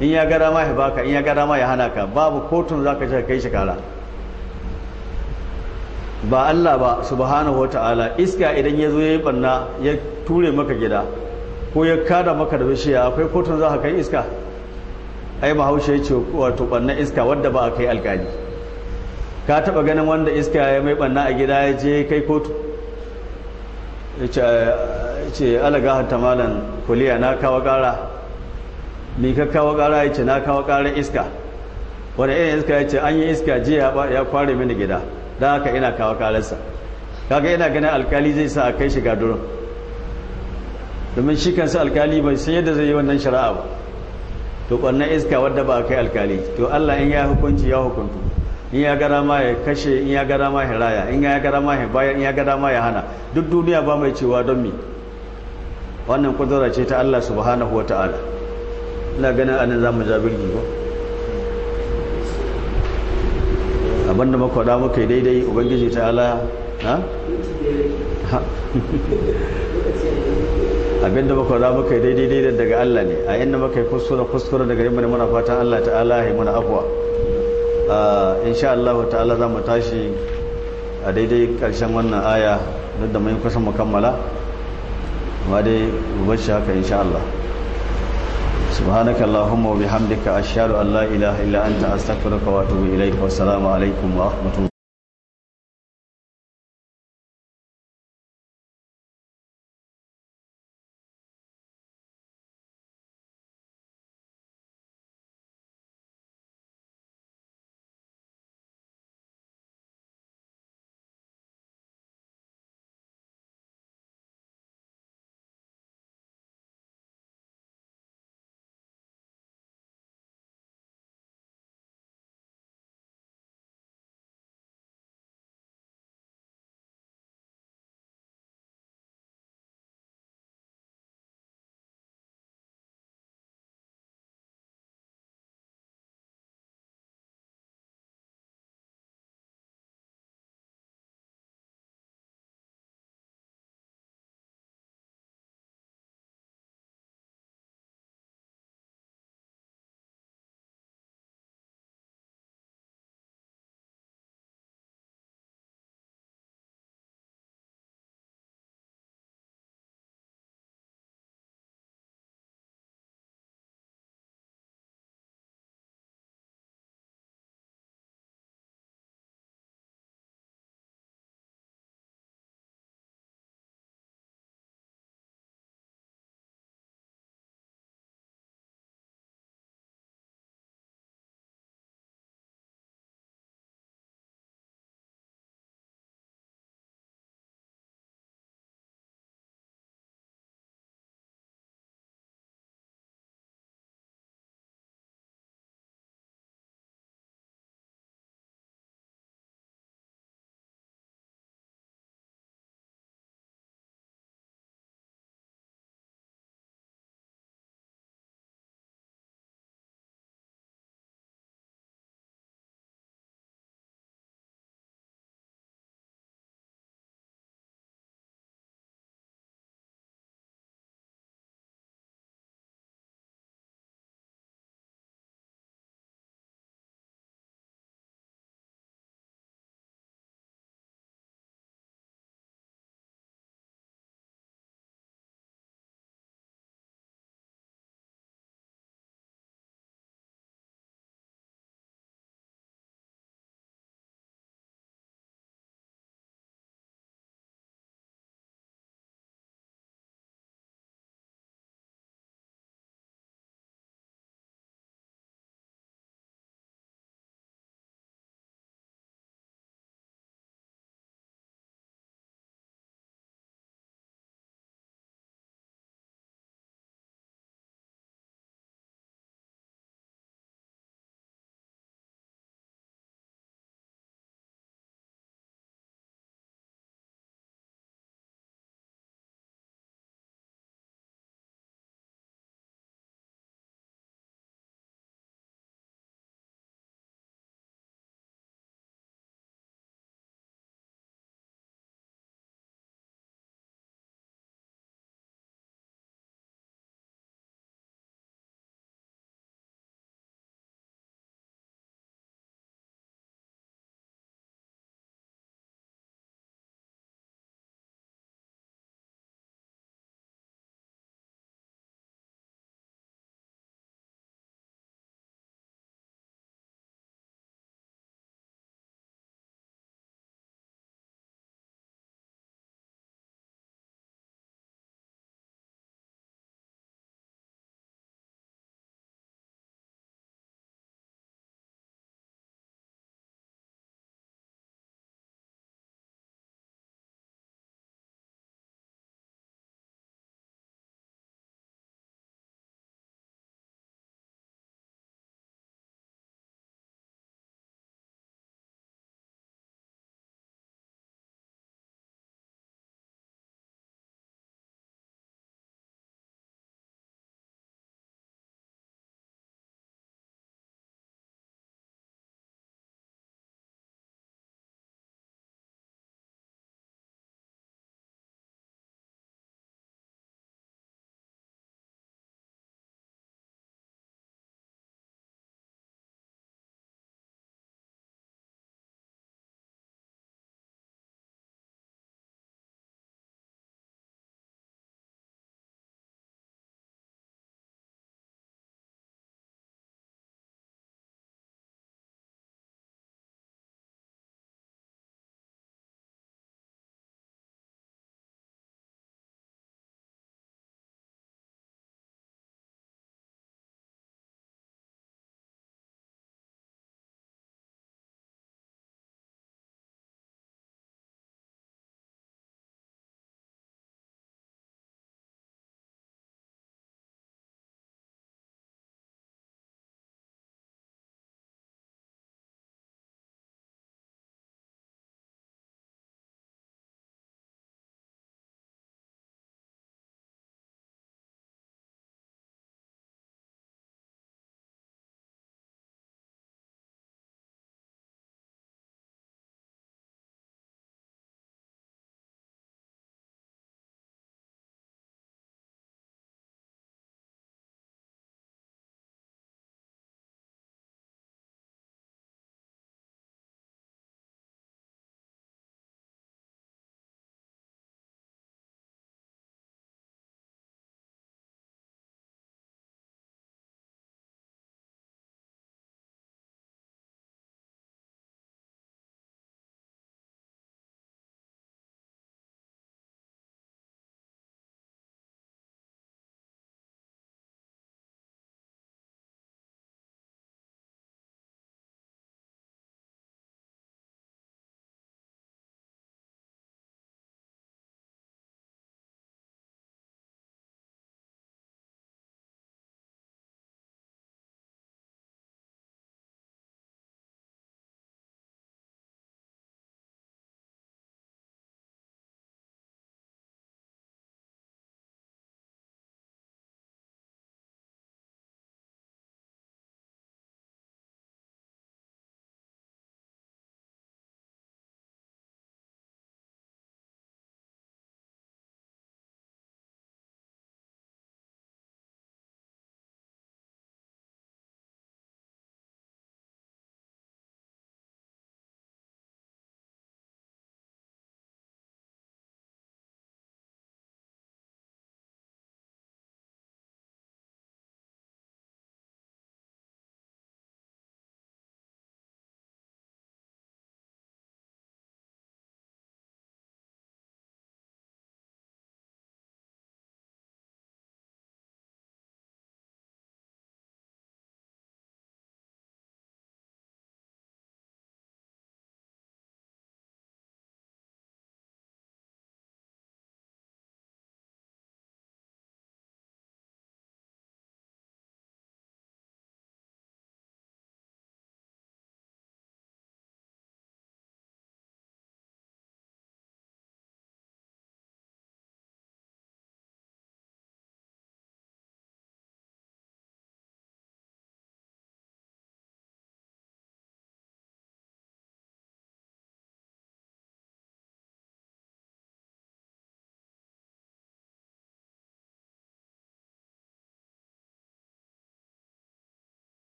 [SPEAKER 2] in ya ga dama ya baka in ya ga dama ya hana ka babu kotun ka kai shi kara ba Allah ba subhanahu wataala iska idan ya zo ya yi banna ya ture maka gida ko ya kada maka da bishiya akwai kotun za ka kai iska ai bahaushe ya ce wato banna iska wadda ba a kai alkali ka taba ganin wanda iska ya mai banna a gida ya je kai kotu ce alaga hatta malan kuliya na kawo kara ni ka kawo kara ya ce na kawo kara iska wani irin iska ya ce an yi iska jiya ya kware mini gida don haka ina kawo kararsa kaga ina ganin alkali zai sa a kai shiga durin domin shi kan sa alkali bai san yadda zai yi wannan shari'a ba to ɓannan iska wadda ba a kai alkali to allah in ya hukunci ya hukuntu in ya gara ma ya kashe in ya gara ma ya raya in ya gara ma ya bayar in ya gara ma ya hana duk duniya ba mai cewa don mi wannan kudura ce ta Allah subhanahu wa ta'ala ina ganin anan zamu jabirgi ba da makwada muka daidai ubangiji ta ala ha? da makwada muka daidai daidai daga Allah ne a inda muka yi kuskure kuskure daga yi mana fatan Allah ala ya mana abuwa Ah, insha Allah ta'ala za mu tashi a daidai karshen wannan aya duk da mai kusan mukammala ma dai shi haka insha Allah subhanaka allahumma wa bihamdika ashhadu an la ilaha illa anta astaghfiruka wa atubu ilaik wa assalamu alaikum wa rahmatullahi